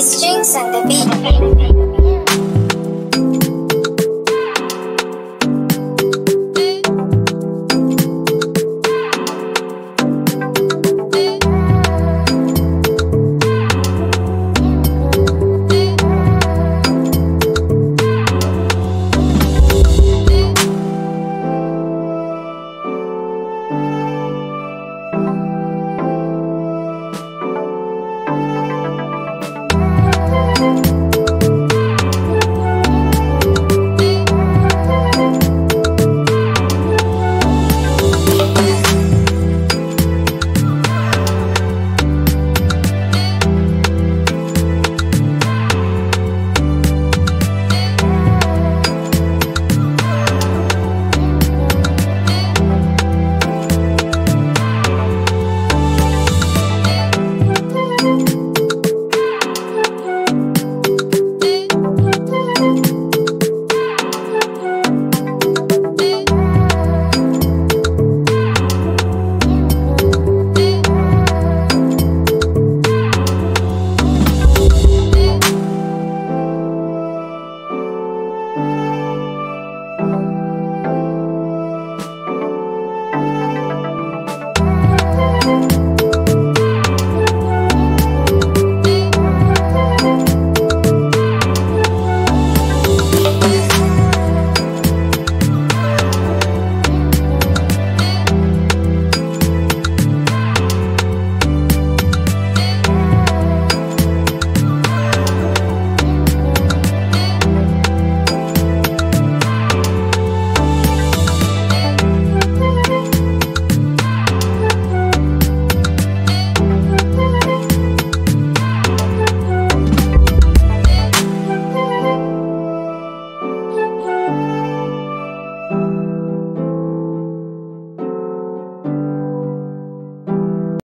the strings and the beat.